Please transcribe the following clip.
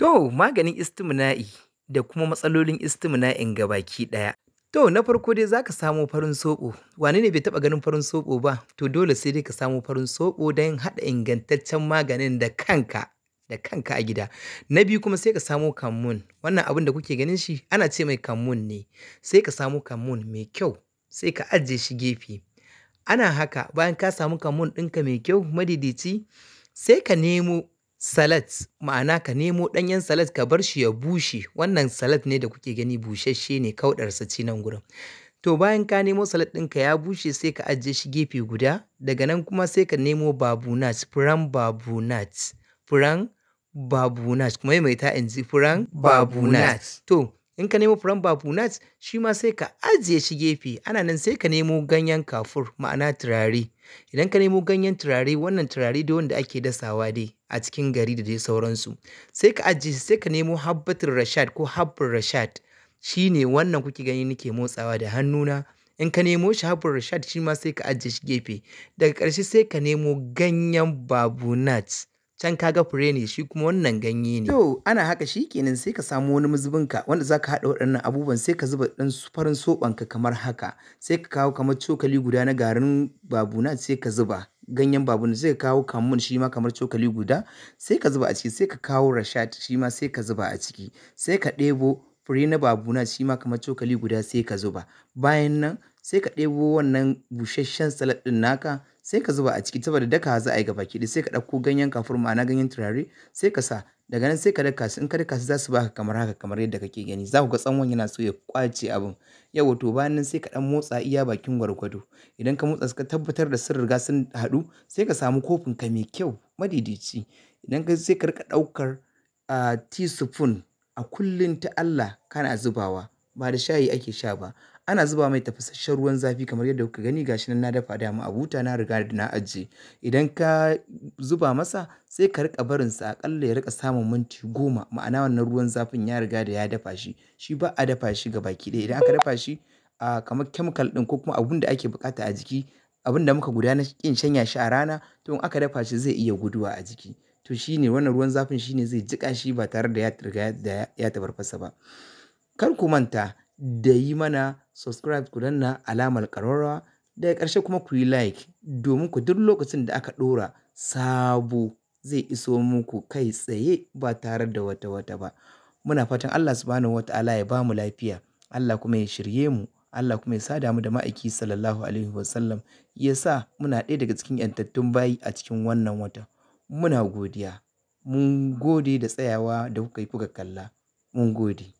To, maganin istimna'i da kuma matsalolin ga baki ɗaya. To, na farko dai za ka samo farin soɓo. Wane ne bai taɓa ganin farin soɓo ba? To, dole sai dai ka samu farin soɓo don haɗa ingantaccen maganin da kanka. da kanka a gida na biyu kuma sai ka samo kammun wannan abin da kuke ganin shi ana ce mai kammun ne sai ka samo kammun mai kyau sai ka ajiye shi gefe ana haka bayan ka samu kammun ɗinka mai kyau madidici sai ka nemo Salad, ma'ana ka nemo ɗanyen salad ka bar shi ya bushe wannan salad ne da kuke gani busasshe ne kauɗarsa ci nan gurin. To bayan ka nemo salad ɗinka ya bushe sai ka ajiye shi gefe guda, daga nan kuma sai ka nemo babu babunat, furan nuts furan nuts kuma maimaita in ji furan nuts To in ka nemo furen nuts shi ma sai ka ajiye shi gefe ana nan sai ka nemo ganyen kafur ma'ana turare idan ka nemo ganyen turare wannan turare da wanda ake dasawa dai a cikin gari da dai sauransu sai ka ajiye sai ka nemo habbatul rashad ko habbul rashad ne wannan kuke gani nake motsawa da hannuna in ka nemo shi habbul rashad shi ma sai ka ajiye shi gefe daga ƙarshe sai ka nemo ganyen babu babunat can kaga fure ne shi kuma wannan ganye ne. To ana haka shi kenan sai ka samu wani mazubinka, wanda za ka haɗa waɗannan abubuwan sai ka zuba ɗan farin soɓanka kamar haka sai ka kawo kamar cokali guda na garin babuna sai ka zuba ganyen babuna sai ka kawo kamun shi ma kamar cokali guda sai ka zuba a ciki sai ka kawo rashat shi ma sai ka zuba a ciki sai ka ɗebo fure na babuna shi ma kamar cokali guda sai ka zuba bayan nan sai ka ɗebo wannan busasshen salad ɗin naka sai ka zuba a ciki saboda daka za a yi gaba ɗaya sai ka ɗauko ganyen kafur ma'ana ganyen turare sai ka sa daga nan sai ka daka su in ka daka su za su baka kamar haka kamar yadda kake gani za ku ga tsawon yana so ya kwace abin Yau, to bayan nan sai ka ɗan motsa iya bakin gwargwado idan ka motsa ka tabbatar da sun riga sun haɗu sai ka samu kofin ka mai kyau madidici idan ka sai ka rika ɗaukar a teaspoon a kullum ta Allah kana zubawa ba da shayi ake sha ba ana zuba mai tafasasshen ruwan zafi kamar yadda kuka gani gashi nan na dafa dama a buta na riga da na ajiye idan ka zuba masa sai ka rika barin sa akalla ya rika samun minti goma ma'ana wannan ruwan zafin ya riga da ya dafa shi shi ba a dafa shi ga baki ɗaya idan aka dafa shi a kamar chemical din ko kuma abun da ake bukata a jiki abin da muka gudana kin shanya shi a rana to in aka dafa shi zai iya guduwa a jiki to shine wannan ruwan zafin shine zai jika shi ba tare da ya riga da ya tabarfasa ba kar ku manta da yi mana subscribe ku danna alamar ƙararrawa daga ƙarshe kuma ku yi like domin ku duk lokacin da aka ɗora sabo zai iso muku kai tsaye ba tare da wata wata ba muna fatan Allah subhanahu ta'ala ya ba mu lafiya Allah kuma ya shirye mu Allah kuma ya sada mu da ma'aiki sallallahu alaihi wasallam ya sa muna ɗaya daga cikin yantattun bayi a cikin wannan wata muna godiya mun gode da tsayawa da kuka yi kuka kalla mun gode